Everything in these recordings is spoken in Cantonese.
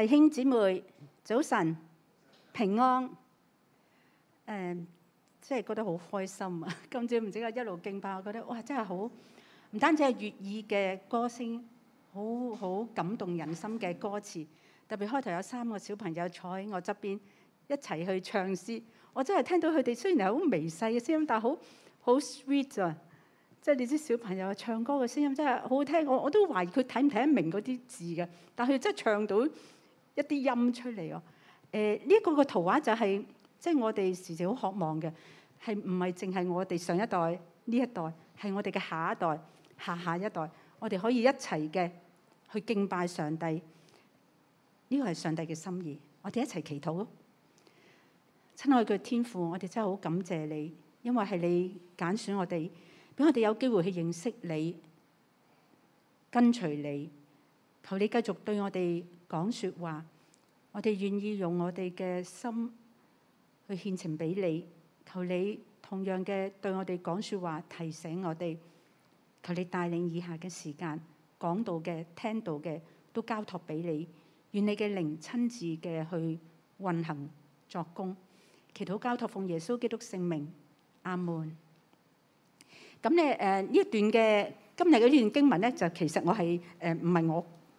弟兄姊妹，早晨平安。誒、嗯，真係覺得好開心啊！今朝唔知啊，一路敬拜，我覺得哇，真係好唔單止係悅耳嘅歌聲，好好感動人心嘅歌詞。特別開頭有三個小朋友坐喺我側邊一齊去唱詩，我真係聽到佢哋雖然係好微細嘅聲音，但係好好 sweet 啊！即係你知小朋友唱歌嘅聲音真係好好聽。我我都懷疑佢睇唔睇得明嗰啲字㗎，但佢真係唱到。一啲音出嚟哦！誒呢一個嘅圖畫就係即係我哋時時好渴望嘅，係唔係淨係我哋上一代呢一代，係我哋嘅下一代、下下一代，我哋可以一齊嘅去敬拜上帝。呢個係上帝嘅心意，我哋一齊祈禱咯。親愛嘅天父，我哋真係好感謝你，因為係你揀選我哋，俾我哋有機會去認識你、跟隨你，求你繼續對我哋講說話，我哋願意用我哋嘅心去獻呈俾你，求你同樣嘅對我哋講說話，提醒我哋，求你帶領以下嘅時間，講到嘅、聽到嘅都交託俾你，願你嘅靈親自嘅去運行作工。祈禱交託，奉耶穌基督聖名，阿門。咁咧，誒呢一段嘅今日嘅呢段經文咧，就其實我係誒唔係我。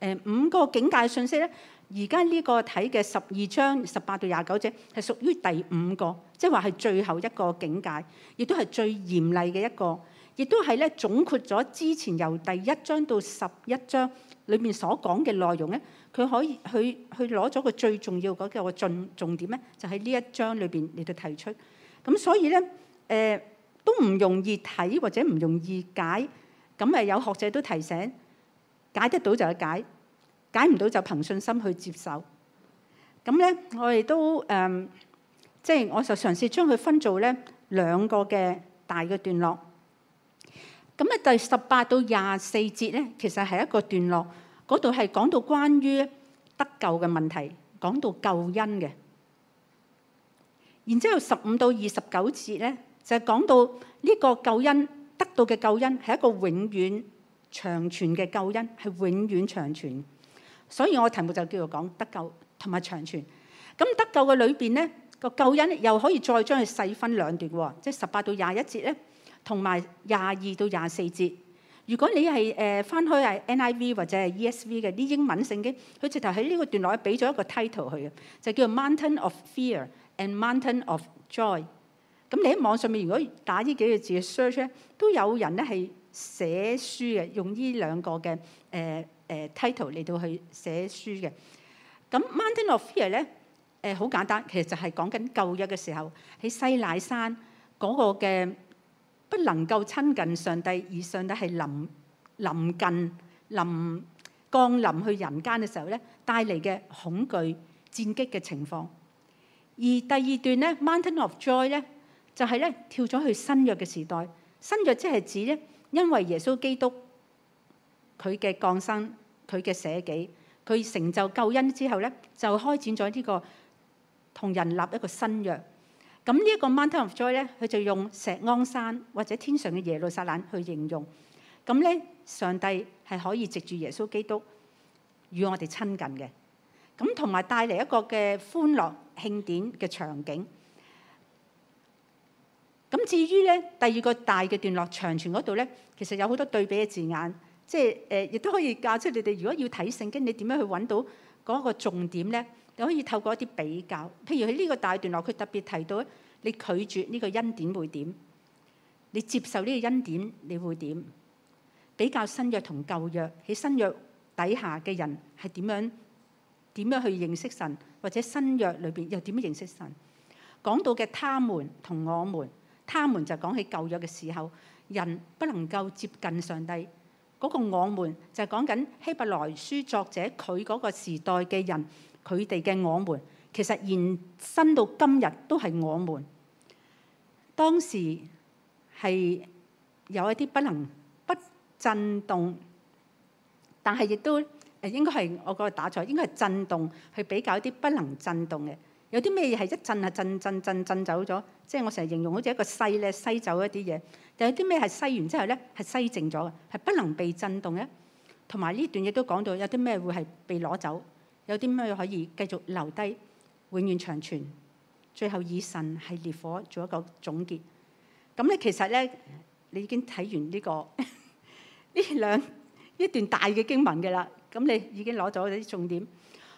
誒五個警戒信息咧，而家呢個睇嘅十二章十八到廿九節係屬於第五個，即係話係最後一個警戒，亦都係最嚴厲嘅一個，亦都係咧總括咗之前由第一章到十一章裏面所講嘅內容咧。佢可以去佢攞咗個最重要嗰個，個重重點咧，就喺、是、呢一章裏邊嚟到提出。咁所以咧，誒、呃、都唔容易睇或者唔容易解。咁誒有學者都提醒，解得到就去解。解唔到就憑信心去接受咁咧。我哋都誒，即係我就嘗試將佢分做咧兩個嘅大嘅段落。咁咧，第十八到廿四節咧，其實係一個段落，嗰度係講到關於得救嘅問題，講到救恩嘅。然之後十五到二十九節咧，就係講到呢個救恩得到嘅救恩係一個永遠長存嘅救恩，係永遠長存。所以我題目就叫做講得救同埋長存。咁得救嘅裏邊咧，個救恩又可以再將佢細分兩段喎，即係十八到廿一節咧，同埋廿二到廿四節。如果你係誒、呃、翻開係 NIV 或者係 ESV 嘅啲英文聖經，佢直頭喺呢個段落俾咗一個 title 佢，嘅，就叫做 Mountain of Fear and Mountain of Joy。咁你喺網上面如果打呢幾個字嘅 search 咧，都有人咧係寫書嘅，用呢兩個嘅誒。呃誒 Title 嚟到去寫書嘅，咁 Mountain of Fear 咧，誒好簡單，其實就係講緊舊約嘅時候喺西奈山嗰個嘅不能夠親近上帝，而上帝係臨臨近、臨降臨去人間嘅時候咧，帶嚟嘅恐懼戰兢嘅情況。而第二段咧，Mountain of Joy 咧，就係咧跳咗去新約嘅時代，新約即係指咧，因為耶穌基督佢嘅降生。佢嘅捨己，佢成就救恩之後咧，就開展咗呢個同人立一個新約。咁呢一個 Mountain of Joy 咧，佢就用錫安山或者天上嘅耶路撒冷去形容。咁咧，上帝係可以藉住耶穌基督與我哋親近嘅。咁同埋帶嚟一個嘅歡樂慶典嘅場景。咁至於咧第二個大嘅段落長存嗰度咧，其實有好多對比嘅字眼。即係誒，亦都可以教出你哋。如果要睇聖經，你點樣去揾到嗰個重點咧？你可以透過一啲比較，譬如喺呢個大段落，佢特別提到你拒絕呢個恩典會點，你接受呢個恩典你會點？比較新約同舊約。喺新約底下嘅人係點樣點樣去認識神，或者新約裏邊又點樣認識神？講到嘅他們同我們，他們就講起舊約嘅時候，人不能夠接近上帝。嗰個我們就係講緊希伯來書作者佢嗰個時代嘅人，佢哋嘅我們其實延伸到今日都係我們。當時係有一啲不能不震動，但係亦都誒應該係我嗰個打錯，應該係震動去比較一啲不能震動嘅。有啲咩嘢係一震係震震震震走咗，即係我成日形容好似一個西咧，西走一啲嘢。但有啲咩係西完之後咧係西靜咗嘅，係不能被震動嘅。同埋呢段嘢都講到有啲咩會係被攞走，有啲咩可以繼續留低，永遠長存。最後以神係烈火做一個總結。咁咧其實咧，你已經睇完呢個呢兩呢段大嘅經文嘅啦。咁你已經攞咗啲重點。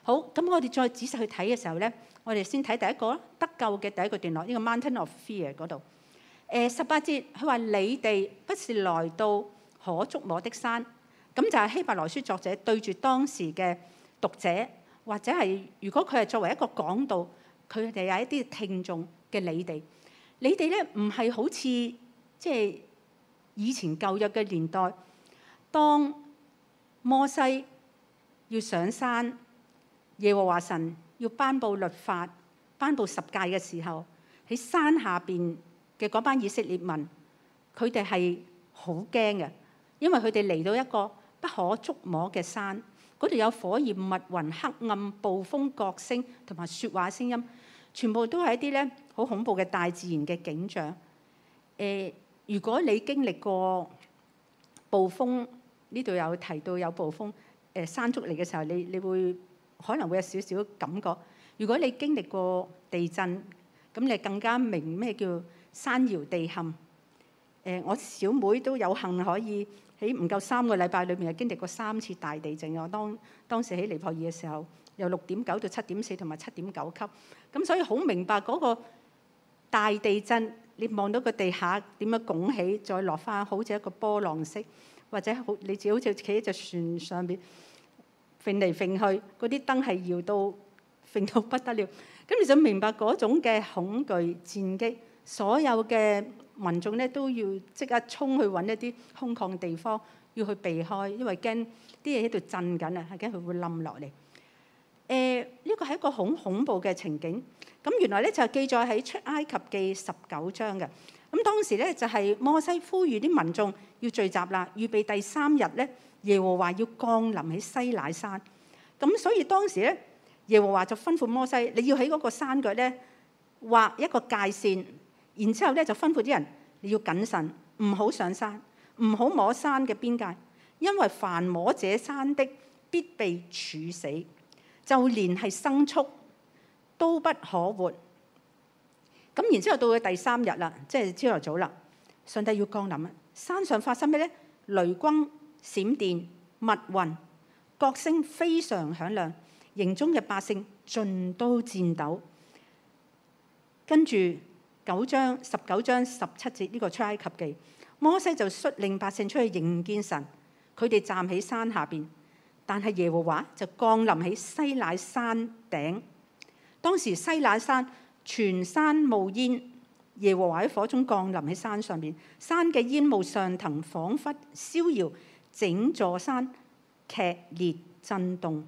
好，咁我哋再仔細去睇嘅時候咧。我哋先睇第一個啦，得救嘅第一個段落，呢、這個 Mountain of Fear 嗰度。誒，十八節，佢、呃、話：你哋不是來到可觸摸的山，咁就係希伯來書作者對住當時嘅讀者，或者係如果佢係作為一個講道，佢哋係一啲聽眾嘅你哋。你哋咧唔係好似即係以前舊約嘅年代，當摩西要上山，耶和華神。要頒布律法，頒布十誡嘅時候，喺山下邊嘅嗰班以色列民，佢哋係好驚嘅，因為佢哋嚟到一個不可觸摸嘅山，嗰度有火焰、密雲、黑暗、暴風、角聲同埋說話聲音，全部都係一啲咧好恐怖嘅大自然嘅景象。誒、呃，如果你經歷過暴風，呢度有提到有暴風，誒、呃、山竹嚟嘅時候，你你會。可能會有少少感覺。如果你經歷過地震，咁你更加明咩叫山搖地陷。誒，我小妹都有幸可以喺唔夠三個禮拜裏面，係經歷過三次大地震。我當當時喺尼泊爾嘅時候，由六點九到七點四同埋七點九級。咁所以好明白嗰個大地震，你望到個地下點樣拱起，再落翻，好似一個波浪式，或者好你自己好似企喺隻船上邊。揈嚟揈去，嗰啲燈係搖到揈到不得了。咁你就明白嗰種嘅恐懼戰兢，所有嘅民眾咧都要即刻衝去揾一啲空曠地方，要去避開，因為驚啲嘢喺度震緊啊，係驚佢會冧落嚟。誒，呢個係一個好恐怖嘅情景。咁原來咧就記載喺出埃及記十九章嘅。咁當時咧就係摩西呼籲啲民眾要聚集啦，預備第三日咧。耶和華要降臨喺西乃山，咁所以當時咧，耶和華就吩咐摩西，你要喺嗰個山腳咧畫一個界線，然之後咧就吩咐啲人你要謹慎，唔好上山，唔好摸山嘅邊界，因為凡摸者山的必被處死，就連係牲畜都不可活。咁然之後到佢第三日啦，即係朝頭早啦，上帝要降臨，山上發生咩咧？雷光。閃電、密雲，角聲非常響亮，營中嘅百姓盡都戰抖。跟住九章十九章十七節呢、這個出埃及記，摩西就率領百姓出去迎見神，佢哋站喺山下邊，但係耶和華就降臨喺西乃山頂。當時西乃山全山冒煙，耶和華喺火中降臨喺山上邊，山嘅煙霧上騰，彷彿燒窯。整座山劇烈震動。誒、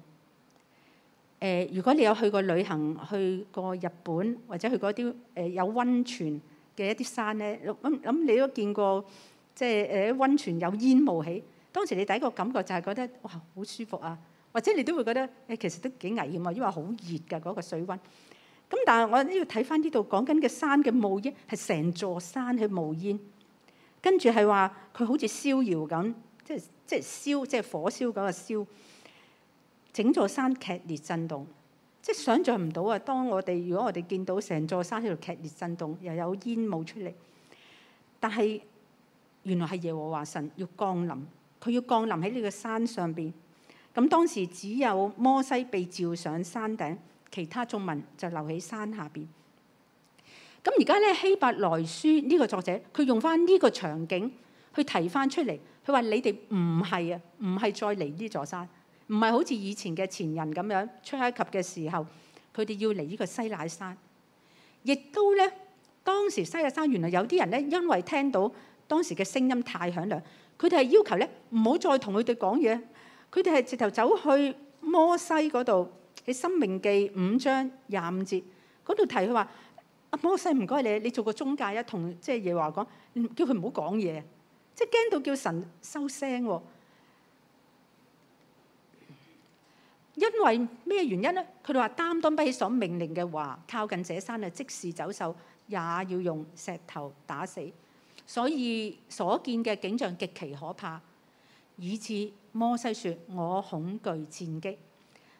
呃，如果你有去過旅行，去過日本或者去嗰啲誒有温泉嘅一啲山咧，咁咁你都見過，即係誒温泉有煙霧起。當時你第一個感覺就係覺得哇，好舒服啊，或者你都會覺得誒、呃，其實都幾危險啊，因為好熱㗎嗰個水温。咁但係我呢度睇翻呢度講緊嘅山嘅霧煙係成座山去冒煙，跟住係話佢好似逍遙咁。即係即係燒，即係火燒嗰個燒，整座山劇烈震動，即係想像唔到啊！當我哋如果我哋見到成座山喺度劇烈震動，又有煙霧出嚟，但係原來係耶和華神要降臨，佢要降臨喺呢個山上邊。咁當時只有摩西被召上山頂，其他眾民就留喺山下邊。咁而家咧希伯來書呢個作者，佢用返呢個場景。佢提翻出嚟，佢話：你哋唔係啊，唔係再嚟呢座山，唔係好似以前嘅前人咁樣出埃及嘅時候，佢哋要嚟呢個西乃山。亦都咧，當時西乃山原來有啲人咧，因為聽到當時嘅聲音太響亮，佢哋係要求咧唔好再同佢哋講嘢，佢哋係直頭走去摩西嗰度。喺《申命記》五章廿五節嗰度提佢話：阿摩西唔該你，你做個中介啊，同即係耶和華講，叫佢唔好講嘢。即係驚到叫神收聲喎，因為咩原因呢？佢哋話擔當不起所命令嘅話，靠近這山啊，即使走獸也要用石頭打死，所以所見嘅景象極其可怕，以致摩西說：我恐懼戰兢。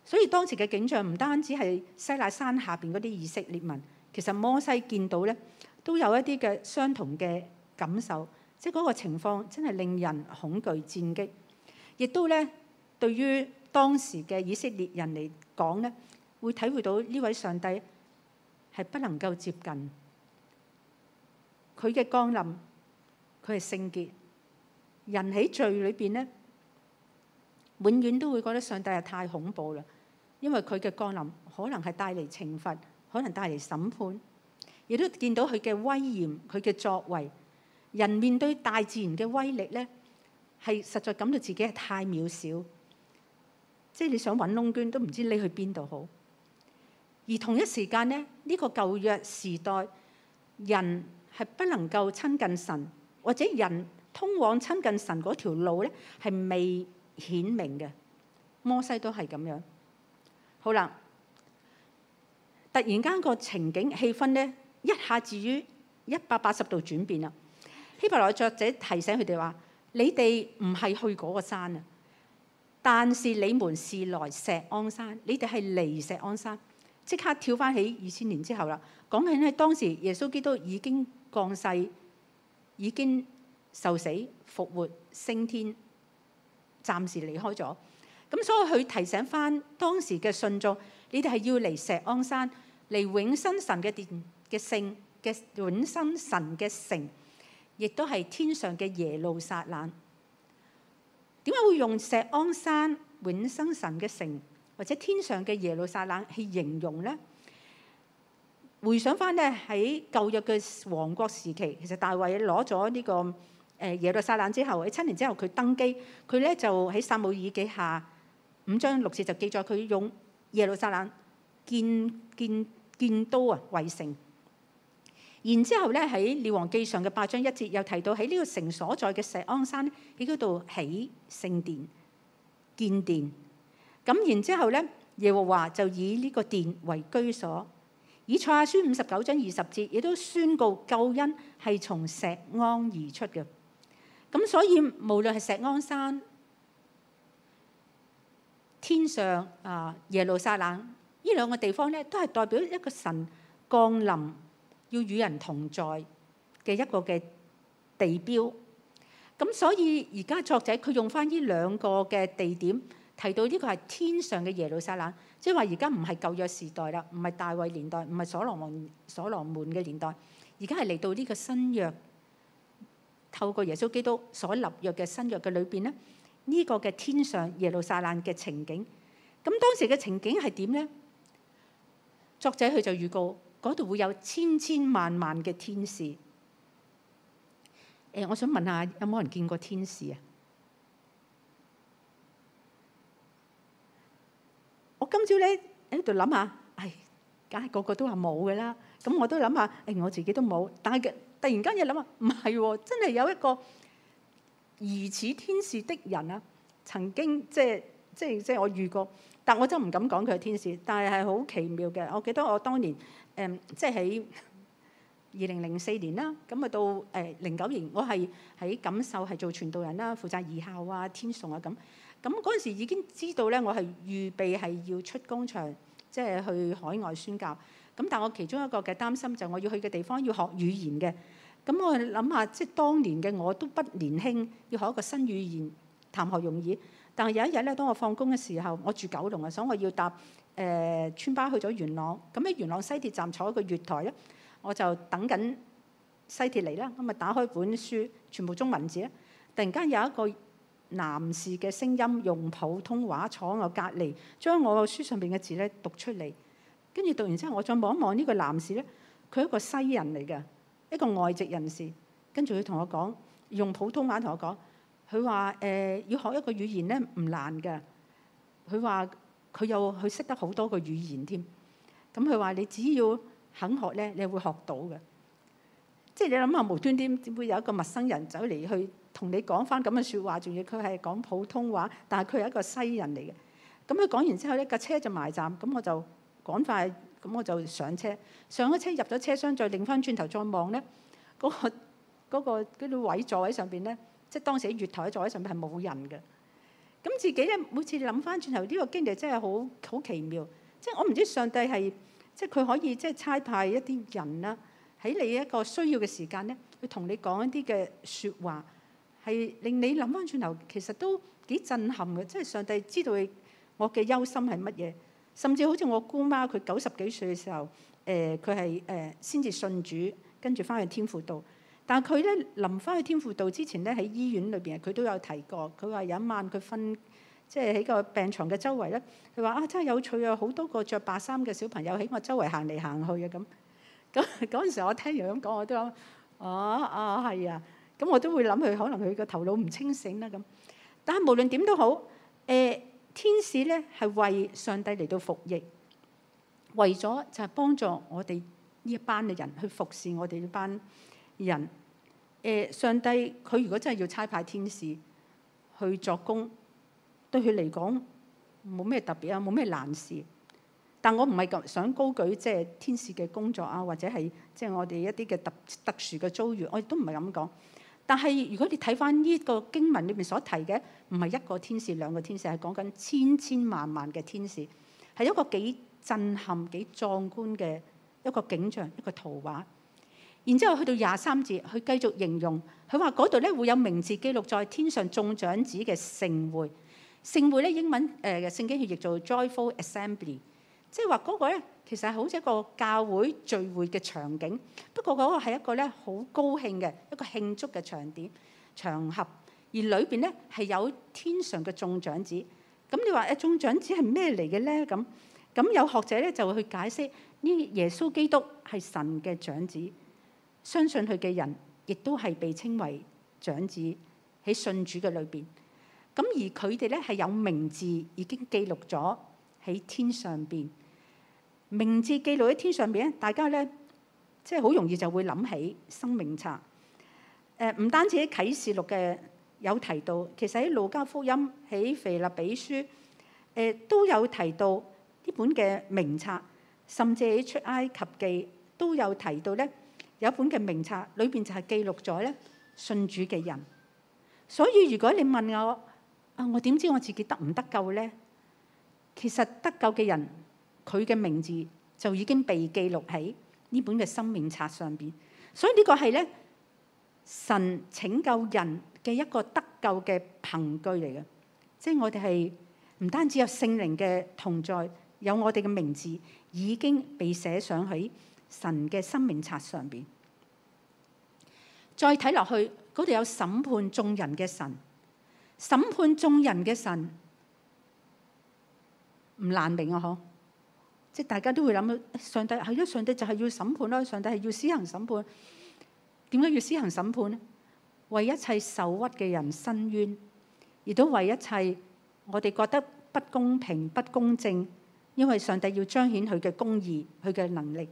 所以當時嘅景象唔單止係西奈山下邊嗰啲以色列民，其實摩西見到咧都有一啲嘅相同嘅感受。即係嗰個情況真係令人恐懼戰慄，亦都咧對於當時嘅以色列人嚟講咧，會體會到呢位上帝係不能夠接近，佢嘅降臨，佢係聖潔，人喺罪裏邊咧，永遠都會覺得上帝係太恐怖啦，因為佢嘅降臨可能係帶嚟懲罰，可能帶嚟審判，亦都見到佢嘅威嚴，佢嘅作為。人面對大自然嘅威力咧，係實在感到自己係太渺小，即係你想揾窿捐都唔知匿去邊度好。而同一時間咧，呢、這個舊約時代，人係不能夠親近神，或者人通往親近神嗰條路咧係未顯明嘅。摩西都係咁樣。好啦，突然間個情景氣氛咧，一下至於一百八十度轉變啦。希伯來作者提醒佢哋話：你哋唔係去嗰個山啊，但是你們是來錫安山。你哋係嚟錫安山，即刻跳翻起二千年之後啦。講緊係，當時耶穌基督已經降世，已經受死復活升天，暫時離開咗。咁所以佢提醒翻當時嘅信眾：你哋係要嚟錫安山嚟永生神嘅殿嘅聖嘅永生神嘅城。亦都係天上嘅耶路撒冷，點解會用錫安山永生神嘅城或者天上嘅耶路撒冷去形容咧？回想翻咧，喺舊約嘅王國時期，其實大衛攞咗呢個誒耶路撒冷之後，喺七年之後佢登基，佢咧就喺撒母耳記下五章六節就記載佢用耶路撒冷建建建都啊，圍城。然之後咧，喺《列王紀》上嘅八章一節又提到，喺呢個城所在嘅錫安山咧，喺嗰度起聖殿、建殿。咁然之後咧，耶和華就以呢個殿為居所。以賽亞書五十九章二十節，亦都宣告救恩係從錫安而出嘅。咁所以，無論係錫安山、天上啊耶路撒冷呢兩個地方咧，都係代表一個神降臨。要與人同在嘅一個嘅地標，咁所以而家作者佢用翻呢兩個嘅地點，提到呢個係天上嘅耶路撒冷。即係話而家唔係舊約時代啦，唔係大衛年代，唔係所羅門所羅門嘅年代，而家係嚟到呢個新約，透過耶穌基督所立約嘅新約嘅裏邊咧，呢個嘅天上耶路撒冷嘅情景，咁當時嘅情景係點咧？作者佢就預告。嗰度會有千千萬萬嘅天使。誒、呃，我想問下有冇人見過天使啊？我今朝咧喺度諗下，唉，梗、哎、係個個都話冇嘅啦。咁我都諗下，誒、哎、我自己都冇。但係突然間又諗下，唔係、啊、真係有一個疑似天使的人啊。曾經即係即係即係我遇過，但我真唔敢講佢係天使。但係係好奇妙嘅。我記得我當年。誒，um，即係喺二零零四年啦，咁啊到誒零九年，我係喺感受係做傳道人啦，負責兒校啊、天送啊咁。咁嗰陣時已經知道咧，我係預備係要出工場，即係去海外宣教。咁但係我其中一個嘅擔心就係我要去嘅地方要學語言嘅。咁我諗下，即係當年嘅我都不年輕，要學一個新語言，談何容易？但係有一日咧，當我放工嘅時候，我住九龍啊，所以我要搭。誒，村巴去咗元朗，咁喺元朗西鐵站坐一個月台咧，我就等緊西鐵嚟啦。我咪打開本書，全部中文字咧。突然間有一個男士嘅聲音用普通話坐我隔離，將我個書上邊嘅字咧讀出嚟。跟住讀完之後，我再望一望呢個男士咧，佢係一個西人嚟嘅，一個外籍人士。跟住佢同我講，用普通話同我講，佢話誒要學一個語言咧唔難嘅。佢話。佢又去識得好多個語言添，咁佢話你只要肯學咧，你會學到嘅。即係你諗下無端端點會有一個陌生人走嚟去同你講翻咁嘅説話，仲要佢係講普通話，但係佢係一個西人嚟嘅。咁佢講完之後，呢架車就埋站，咁我就趕快咁我就上車，上咗車入咗車廂，再擰翻轉頭再望咧，嗰、嗰個嗰啲、嗰個、位座位上邊咧，即係當時月台喺座位上邊係冇人嘅。咁自己咧，每次諗翻轉頭，呢個經歷真係好好奇妙。即係我唔知上帝係，即係佢可以即係差派一啲人啦，喺你一個需要嘅時間咧，去同你講一啲嘅説話，係令你諗翻轉頭，其實都幾震撼嘅。即係上帝知道我嘅憂心係乜嘢，甚至好似我姑媽，佢九十幾歲嘅時候，誒佢係誒先至信主，跟住翻去天父度。但係佢咧臨翻去天父度之前咧，喺醫院裏邊，佢都有提過。佢話有一晚佢瞓，即係喺個病床嘅周圍咧，佢話啊真係有趣啊！好多個着白衫嘅小朋友喺我周圍行嚟行去啊咁。咁嗰陣時我聽完咁講，我都諗哦，啊係啊！咁、啊、我都會諗佢可能佢個頭腦唔清醒啦咁。但係無論點都好，誒、呃、天使咧係為上帝嚟到服役，為咗就係幫助我哋呢一班嘅人去服侍我哋呢班人，誒上帝佢如果真係要差派天使去作工，對佢嚟講冇咩特別啊，冇咩難事。但我唔係咁想高舉即係天使嘅工作啊，或者係即係我哋一啲嘅特特殊嘅遭遇，我亦都唔係咁講，但係如果你睇翻呢個經文裏面所提嘅，唔係一個天使、兩個天使，係講緊千千萬萬嘅天使，係一個幾震撼、幾壯觀嘅一個景象、一個圖畫。然之後去到廿三節，佢繼續形容，佢話嗰度咧會有名字記錄在天上，眾長子嘅聖會。聖會咧英文誒嘅聖經譯做 Joyful Assembly，即係話嗰個咧其實係好似一個教會聚會嘅場景。不過嗰個係一個咧好高興嘅一個慶祝嘅場點場合，而裏邊咧係有天上嘅眾長子咁。你話誒眾長子係咩嚟嘅咧？咁咁有學者咧就會去解釋呢。耶穌基督係神嘅長子。相信佢嘅人，亦都係被稱為長子喺信主嘅裏邊。咁而佢哋咧係有名字，已經記錄咗喺天上邊。名字記錄喺天上邊咧，大家咧即係好容易就會諗起生命冊。誒、呃、唔單止喺啟示錄嘅有提到，其實喺路加福音、喺腓立比書誒、呃、都，都有提到呢本嘅名冊，甚至喺出埃及記都有提到咧。有一本嘅名冊，裏邊就係記錄咗咧信主嘅人。所以如果你問我啊，我點知我自己得唔得救咧？其實得救嘅人，佢嘅名字就已經被記錄喺呢本嘅生命冊上邊。所以呢個係咧神拯救人嘅一個得救嘅憑據嚟嘅。即係我哋係唔單止有聖靈嘅同在，有我哋嘅名字已經被寫上去神嘅生命冊上邊。再睇落去，嗰度有審判眾人嘅神，審判眾人嘅神唔難明啊！嗬，即係大家都會諗到：上帝係咯，上帝就係要審判咯，上帝係要施行審判。點解要施行審判咧？為一切受屈嘅人伸冤，亦都為一切我哋覺得不公平、不公正，因為上帝要彰顯佢嘅公義、佢嘅能力，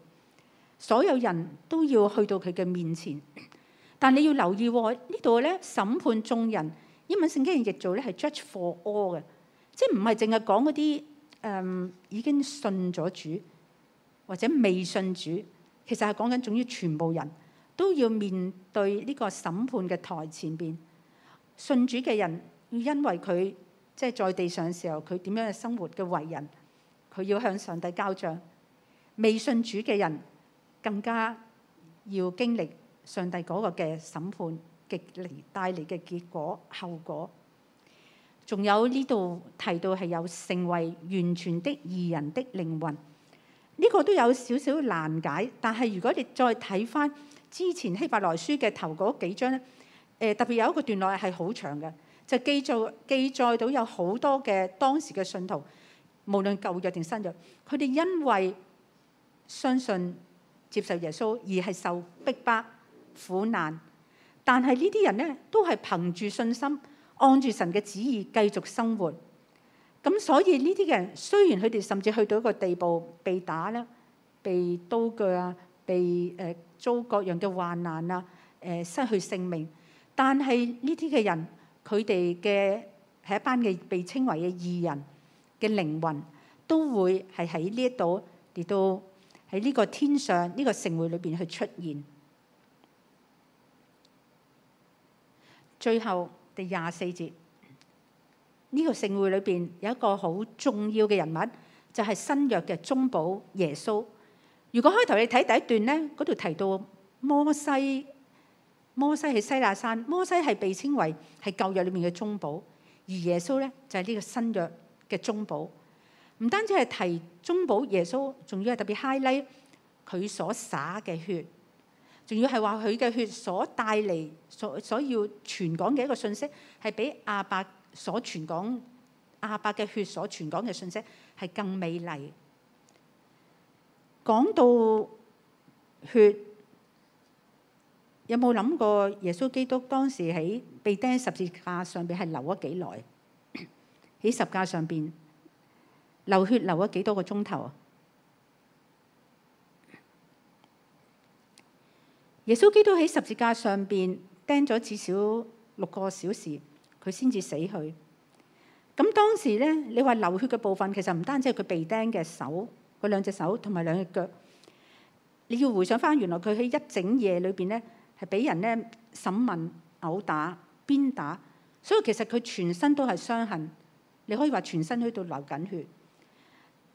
所有人都要去到佢嘅面前。但你要留意喎、哦，呢度咧審判眾人，英文聖經譯做咧係 judge for all 嘅，即係唔係淨係講嗰啲誒已經信咗主或者未信主，其實係講緊總之全部人都要面對呢個審判嘅台前面。信主嘅人要因為佢即係在地上嘅時候佢點樣嘅生活嘅為人，佢要向上帝交賬；未信主嘅人更加要經歷。上帝嗰個嘅審判極嚟帶嚟嘅結果後果，仲有呢度提到係有成為完全的義人的靈魂，呢個都有少少難解。但係如果你再睇返之前希伯來書嘅頭嗰幾章咧，誒特別有一個段落係好長嘅，就記載記載到有好多嘅當時嘅信徒，無論舊約定新約，佢哋因為相信接受耶穌而係受逼迫。苦難，但係呢啲人咧都係憑住信心，按住神嘅旨意繼續生活。咁所以呢啲嘅人雖然佢哋甚至去到一個地步被打咧，被刀鋸啊，被誒遭、呃、各樣嘅患難啊，誒、呃、失去性命，但係呢啲嘅人，佢哋嘅係一班嘅被稱為嘅義人嘅靈魂，都會係喺呢一度，亦都喺呢個天上呢、這個聖會裏邊去出現。最後第廿四節，呢、這個聖會裏邊有一個好重要嘅人物，就係、是、新約嘅中保耶穌。如果開頭你睇第一段咧，嗰度提到摩西，摩西喺西乃山，摩西係被稱為係舊約裏面嘅中保，而耶穌咧就係、是、呢個新約嘅中保。唔單止係提中保耶穌，仲要係特別 highlight 佢所灑嘅血。仲要係話佢嘅血所帶嚟所所、所要傳講嘅一個信息，係比亞伯所傳講亞伯嘅血所傳講嘅信息係更美麗。講到血，有冇諗過耶穌基督當時喺被釘十字架上邊係流咗幾耐？喺十架上邊流血流咗幾多個鐘頭？耶穌基督喺十字架上邊釘咗至少六個小時，佢先至死去。咁當時咧，你話流血嘅部分其實唔單止係佢被釘嘅手，佢兩隻手同埋兩隻腳。你要回想返，原來佢喺一整夜裏邊咧，係俾人咧審問、毆打、鞭打，所以其實佢全身都係傷痕。你可以話全身喺度流緊血。誒、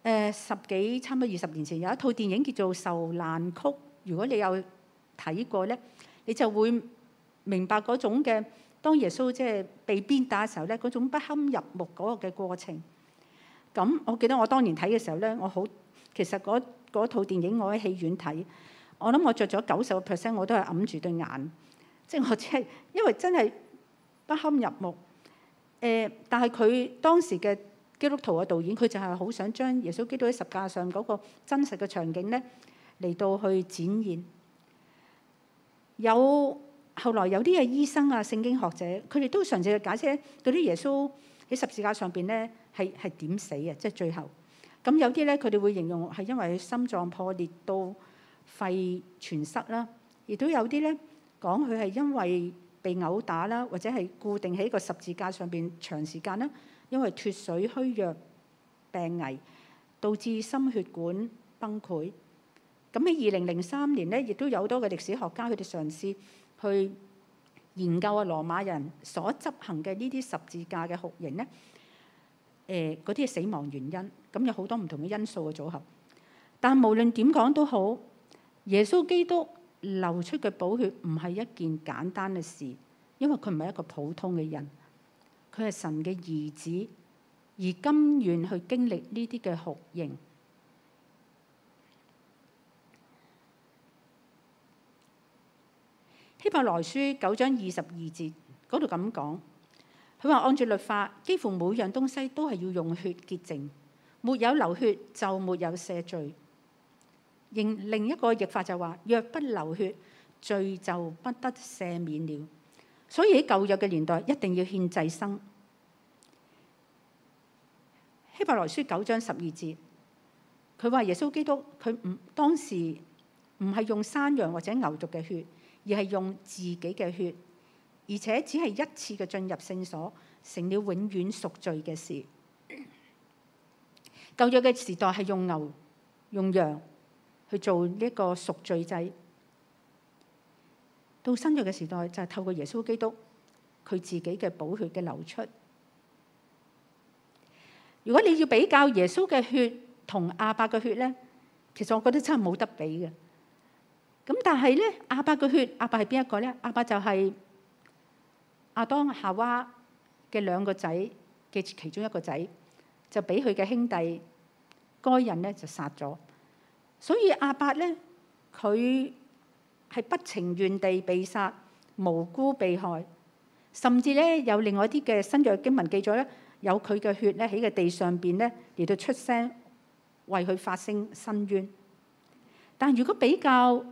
呃，十幾差唔多二十年前有一套電影叫做《受難曲》，如果你有睇過咧，你就會明白嗰種嘅當耶穌即係被鞭打嘅時候咧，嗰種不堪入目嗰個嘅過程。咁我記得我當年睇嘅時候咧，我好其實嗰套電影我喺戲院睇，我諗我着咗九十 percent，我都係揞住對眼，即、就、係、是、我即、就、係、是、因為真係不堪入目。誒、呃，但係佢當時嘅基督徒嘅導演，佢就係好想將耶穌基督喺十架上嗰個真實嘅場景咧嚟到去展現。有後來有啲嘅醫生啊、聖經學者，佢哋都嘗試去解釋嗰啲耶穌喺十字架上邊咧係係點死嘅，即係最後。咁有啲咧，佢哋會形容係因為心臟破裂到肺全塞啦；亦都有啲咧講佢係因為被毆打啦，或者係固定喺個十字架上邊長時間啦，因為脫水虛弱病危，導致心血管崩潰。咁喺二零零三年咧，亦都有好多嘅歷史學家佢哋嘗試去研究啊，羅馬人所執行嘅呢啲十字架嘅酷刑咧，誒嗰啲係死亡原因，咁有好多唔同嘅因素嘅組合。但無論點講都好，耶穌基督流出嘅寶血唔係一件簡單嘅事，因為佢唔係一個普通嘅人，佢係神嘅兒子，而甘願去經歷呢啲嘅酷刑。希伯來書九章二十二節嗰度咁講，佢話按照律法，幾乎每樣東西都係要用血潔淨，沒有流血就沒有赦罪。另另一個譯法就話，若不流血，罪就不得赦免了。所以喺舊約嘅年代，一定要獻祭牲。希伯來書九章十二節，佢話耶穌基督佢唔當時唔係用山羊或者牛犢嘅血，而係用自己嘅血，而且只係一次嘅進入聖所，成了永遠贖罪嘅事。舊約嘅時代係用牛、用羊去做呢個贖罪祭，到新約嘅時代就係透過耶穌基督佢自己嘅寶血嘅流出。如果你要比較耶穌嘅血同亞伯嘅血咧，其實我覺得真係冇得比嘅。但係咧，亞伯嘅血，亞伯係邊一個咧？亞伯就係亞當夏娃嘅兩個仔嘅其中一個仔，就俾佢嘅兄弟該隱咧就殺咗。所以亞伯咧，佢係不情願地被殺，無辜被害，甚至咧有另外一啲嘅新約經文記載咧，有佢嘅血咧喺個地上邊咧嚟到出聲，為佢發聲申冤。但如果比較，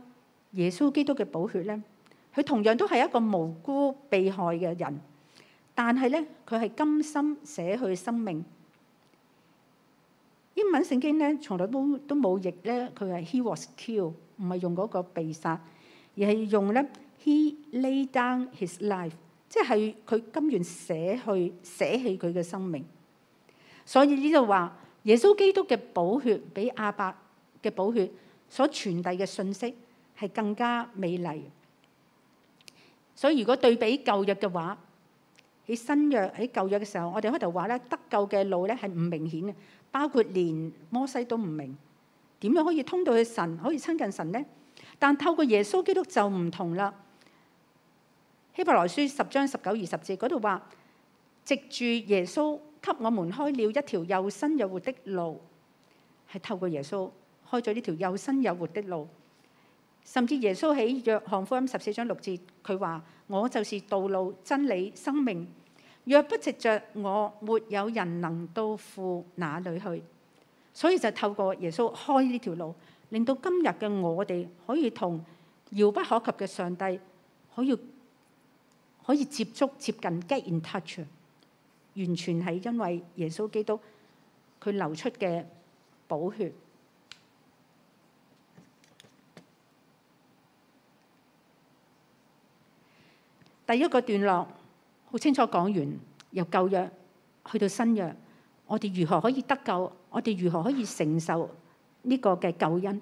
耶穌基督嘅寶血咧，佢同樣都係一個無辜被害嘅人，但係咧，佢係甘心捨去生命。英文聖經咧，從來都都冇譯咧，佢係 He was killed，唔係用嗰個被殺，而係用咧 He laid down his life，即係佢甘願捨去捨棄佢嘅生命。所以呢度話耶穌基督嘅寶血，比亞伯嘅寶血所傳遞嘅信息，係更加美麗，所以如果對比舊約嘅話，喺新約喺舊約嘅時候，我哋開頭話咧，得救嘅路咧係唔明顯嘅，包括連摩西都唔明點樣可以通到去神，可以親近神咧。但透過耶穌基督就唔同啦，《希伯來書》十章十九二十節嗰度話，藉住耶穌給我們開了一條又新又活的路，係透過耶穌開咗呢條又新又活的路。甚至耶穌喺約翰福音十四章六節，佢話：我就是道路、真理、生命。若不藉著我，沒有人能到父那裡去。所以就透過耶穌開呢條路，令到今日嘅我哋可以同遙不可及嘅上帝可以可以接觸接近 get in touch。完全係因為耶穌基督佢流出嘅寶血。第一個段落好清楚講完，由舊約去到新約，我哋如何可以得救？我哋如何可以承受呢個嘅救恩？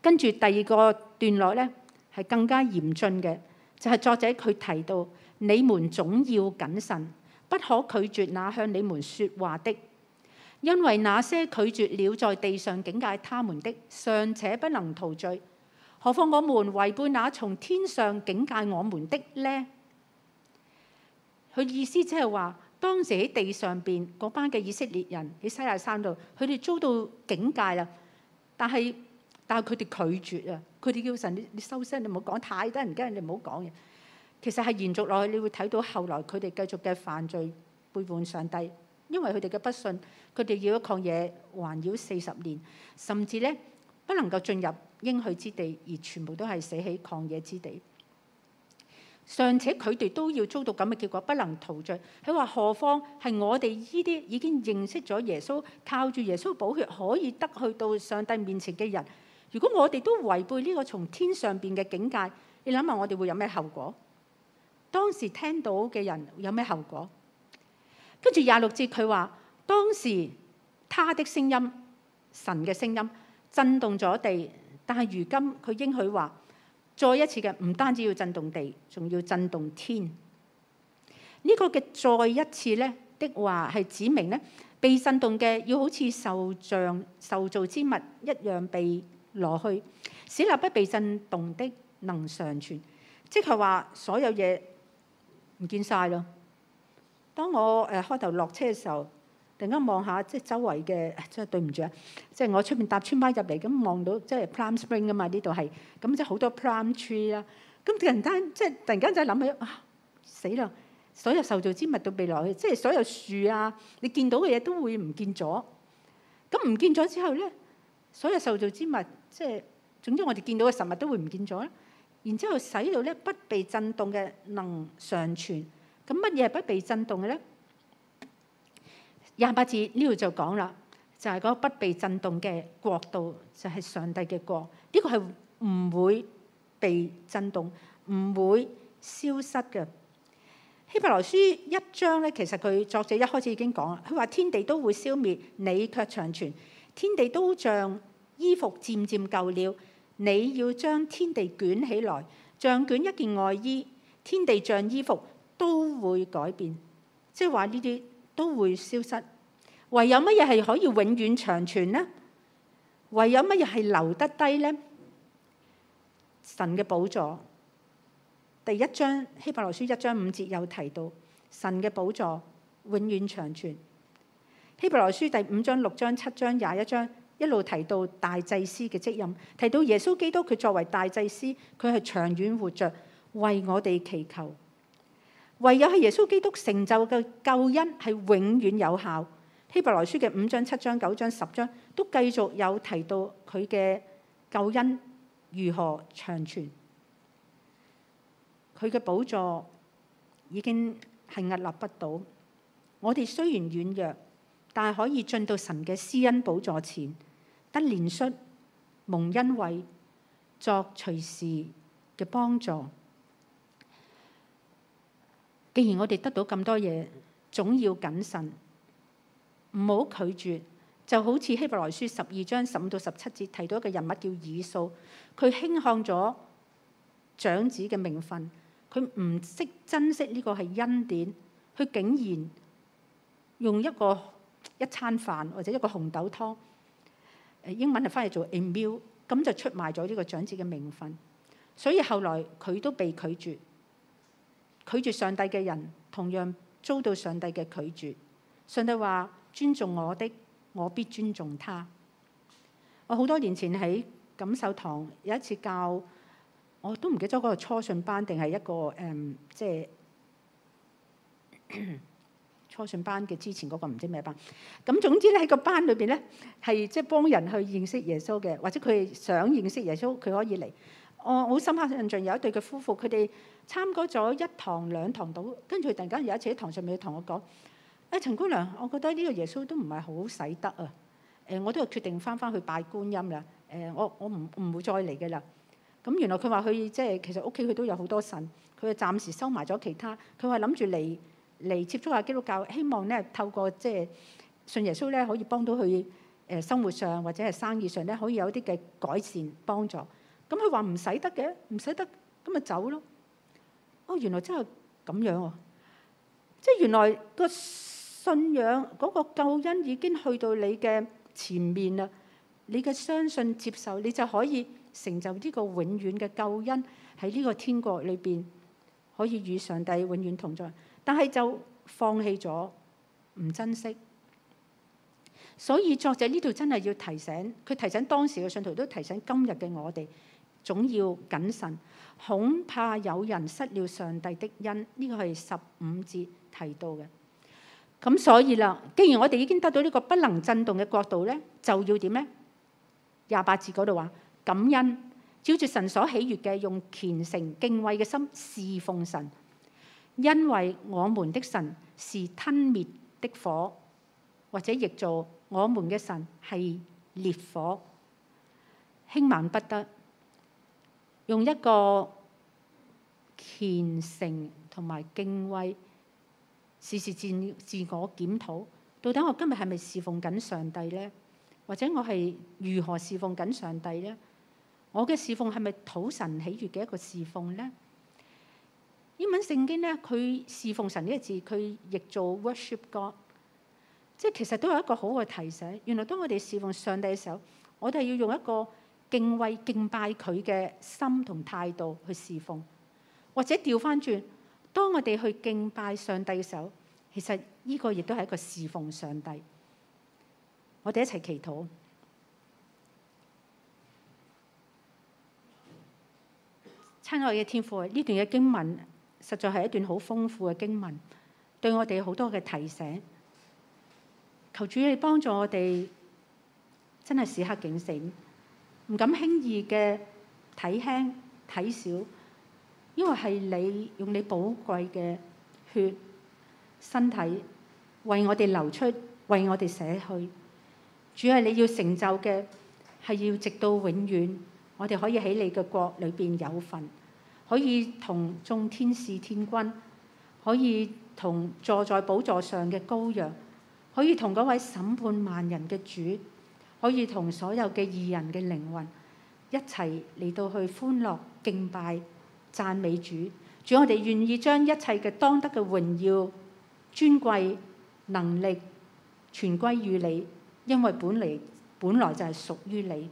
跟住第二個段落咧，係更加嚴峻嘅，就係作者佢提到你們總要謹慎，不可拒絕那向你們説話的，因為那些拒絕了在地上警戒他們的，尚且不能逃罪，何況我們違背那從天上警戒我們的呢？佢意思即係話，當時喺地上邊嗰班嘅以色列人喺西奈山度，佢哋遭到警戒啦。但係但係佢哋拒絕啊，佢哋叫神，你你收聲，你唔好講太得人驚，你唔好講嘢。其實係延續落去，你會睇到後來佢哋繼續嘅犯罪背叛上帝，因為佢哋嘅不信，佢哋要一曠野環繞四十年，甚至呢不能夠進入應許之地，而全部都係死喺曠野之地。尚且佢哋都要遭到咁嘅結果，不能逃罪。佢話何況係我哋依啲已經認識咗耶穌，靠住耶穌寶血可以得去到上帝面前嘅人。如果我哋都違背呢個從天上邊嘅警戒，你諗下我哋會有咩後果？當時聽到嘅人有咩後果？跟住廿六節佢話：當時他的聲音、神嘅聲音震動咗地，但係如今佢應許話。再一次嘅，唔單止要震動地，仲要震動天。呢、這個嘅再一次咧的話，係指明咧被震動嘅要好似受像受造之物一樣被攞去，使那不被震動的能長存。即係話所有嘢唔見晒咯。當我誒開頭落車嘅時候。突然間望下，即係周圍嘅，真係對唔住啊！即係我出面搭村巴入嚟，咁望到即係 Plum Spring 啊嘛，呢度係咁即係好多 Plum Tree 啦。咁突然間，即係突然間就係諗起啊，死啦！所有受造之物都未落去，即係所有樹啊，你見到嘅嘢都會唔見咗。咁唔見咗之後咧，所有受造之物，即係總之我哋見到嘅實物都會唔見咗。然之後使到咧不被震動嘅能常存。咁乜嘢係不被震動嘅咧？廿八節呢度就講啦，就係、是、嗰個不被震動嘅國度，就係、是、上帝嘅國，呢、這個係唔會被震動、唔會消失嘅。希伯來書一章咧，其實佢作者一開始已經講啦，佢話天地都會消滅，你卻長存；天地都像衣服漸漸舊了，你要將天地捲起來，像捲一件外衣。天地像衣服都會改變，即係話呢啲。都會消失，唯有乜嘢係可以永遠長存呢？唯有乜嘢係留得低呢？神嘅寶座，第一章希伯來書一章五節有提到神嘅寶座永遠長存。希伯來書第五章、六章、七章、廿一章一路提到大祭司嘅職任，提到耶穌基督佢作為大祭司，佢係長遠活着，為我哋祈求。唯有係耶穌基督成就嘅救恩係永遠有效，《希伯來書》嘅五章、七章、九章、十章都繼續有提到佢嘅救恩如何長存，佢嘅寶座已經係屹立不倒。我哋雖然軟弱，但係可以進到神嘅施恩寶座前，得憐恤、蒙恩惠、作隨時嘅幫助。既然我哋得到咁多嘢，總要謹慎，唔好拒絕。就好似希伯來書十二章十五到十七節提到一個人物叫以掃，佢傾向咗長子嘅名分，佢唔識珍惜呢個係恩典，佢竟然用一個一餐飯或者一個紅豆湯，英文係翻嚟做 e m i l 咁就出賣咗呢個長子嘅名分，所以後來佢都被拒絕。拒絕上帝嘅人，同樣遭到上帝嘅拒絕。上帝話：尊重我的，我必尊重他。我好多年前喺錦繡堂有一次教，我都唔記得咗嗰個初信班定係一個誒、嗯，即係初信班嘅之前嗰、那個唔知咩班。咁總之咧喺個班裏邊咧，係即係幫人去認識耶穌嘅，或者佢想認識耶穌，佢可以嚟。我好深刻印象，有一對嘅夫婦，佢哋參加咗一堂兩堂到，跟住突然間有一次喺堂上面同我講：誒、哎、陳姑娘，我覺得呢個耶穌都唔係好使得啊！誒、呃，我都係決定翻返去拜觀音啦。誒、呃，我我唔唔會再嚟嘅啦。咁原來佢話佢即係其實屋企佢都有好多神，佢就暫時收埋咗其他，佢話諗住嚟嚟接觸下基督教，希望咧透過即係信耶穌咧，可以幫到佢誒生活上或者係生意上咧，可以有啲嘅改善幫助。咁佢話唔使得嘅，唔使得，咁咪走咯。哦，原來真係咁樣喎！即係原來個信仰嗰個救恩已經去到你嘅前面啦。你嘅相信接受，你就可以成就呢個永遠嘅救恩喺呢個天國裏邊，可以與上帝永遠同在。但係就放棄咗，唔珍惜。所以作者呢度真係要提醒佢提醒當時嘅信徒，都提醒今日嘅我哋。總要謹慎，恐怕有人失了上帝的恩。呢個係十五節提到嘅。咁所以啦，既然我哋已經得到呢個不能震動嘅國度咧，就要點咧？廿八節嗰度話感恩，照住神所喜悦嘅，用虔誠敬畏嘅心侍奉神，因為我們的神是吞滅的火，或者譯做我們嘅神係烈火，輕慢不得。用一個虔誠同埋敬畏，時時自自我檢討，到底我今日係咪侍奉緊上帝咧？或者我係如何侍奉緊上帝咧？我嘅侍奉係咪討神喜悅嘅一個侍奉咧？英文聖經咧，佢侍奉神呢個字，佢亦做 worship God，即係其實都有一個好嘅提醒。原來當我哋侍奉上帝嘅時候，我哋要用一個敬畏敬拜佢嘅心同態度去侍奉，或者掉返轉，當我哋去敬拜上帝嘅時候，其實呢個亦都係一個侍奉上帝。我哋一齊祈禱，親愛嘅天父，呢段嘅經文實在係一段好豐富嘅經文，對我哋好多嘅提醒。求主你幫助我哋，真係時刻警醒。唔敢輕易嘅睇輕睇少，因為係你用你寶貴嘅血身體為我哋流出，為我哋捨去。主要係你要成就嘅，係要直到永遠，我哋可以喺你嘅國裏邊有份，可以同眾天使天軍，可以同坐在寶座上嘅羔羊，可以同嗰位審判萬人嘅主。可以同所有嘅義人嘅靈魂一齊嚟到去歡樂敬拜讚美主。主，我哋願意將一切嘅當得嘅榮耀、尊貴、能力全歸於你，因為本嚟本來就係屬於你。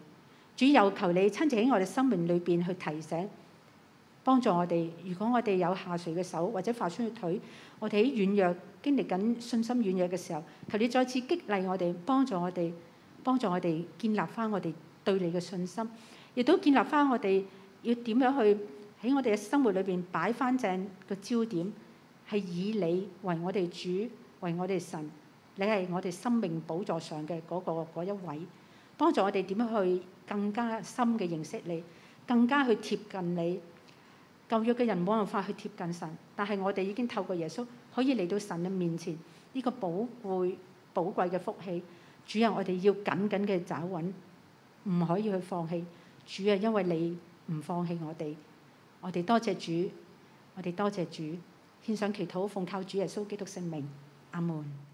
主有求你親自喺我哋生命裏邊去提醒幫助我哋，如果我哋有下垂嘅手或者發酸嘅腿我，我哋喺軟弱經歷緊信心軟弱嘅時候，求你再次激勵我哋幫助我哋。幫助我哋建立翻我哋對你嘅信心，亦都建立翻我哋要點樣去喺我哋嘅生活裏邊擺翻正個焦點，係以你為我哋主，為我哋神，你係我哋生命寶座上嘅嗰、嗰個嗰一位，幫助我哋點樣去更加深嘅認識你，更加去貼近你。舊約嘅人冇辦法去貼近神，但係我哋已經透過耶穌可以嚟到神嘅面前，呢、這個寶貝寶貴嘅福氣。主人、啊，我哋要緊緊嘅抓穩，唔可以去放棄。主啊，因為你唔放棄我哋，我哋多謝主，我哋多謝主，獻上祈禱，奉靠主耶穌基督聖名，阿門。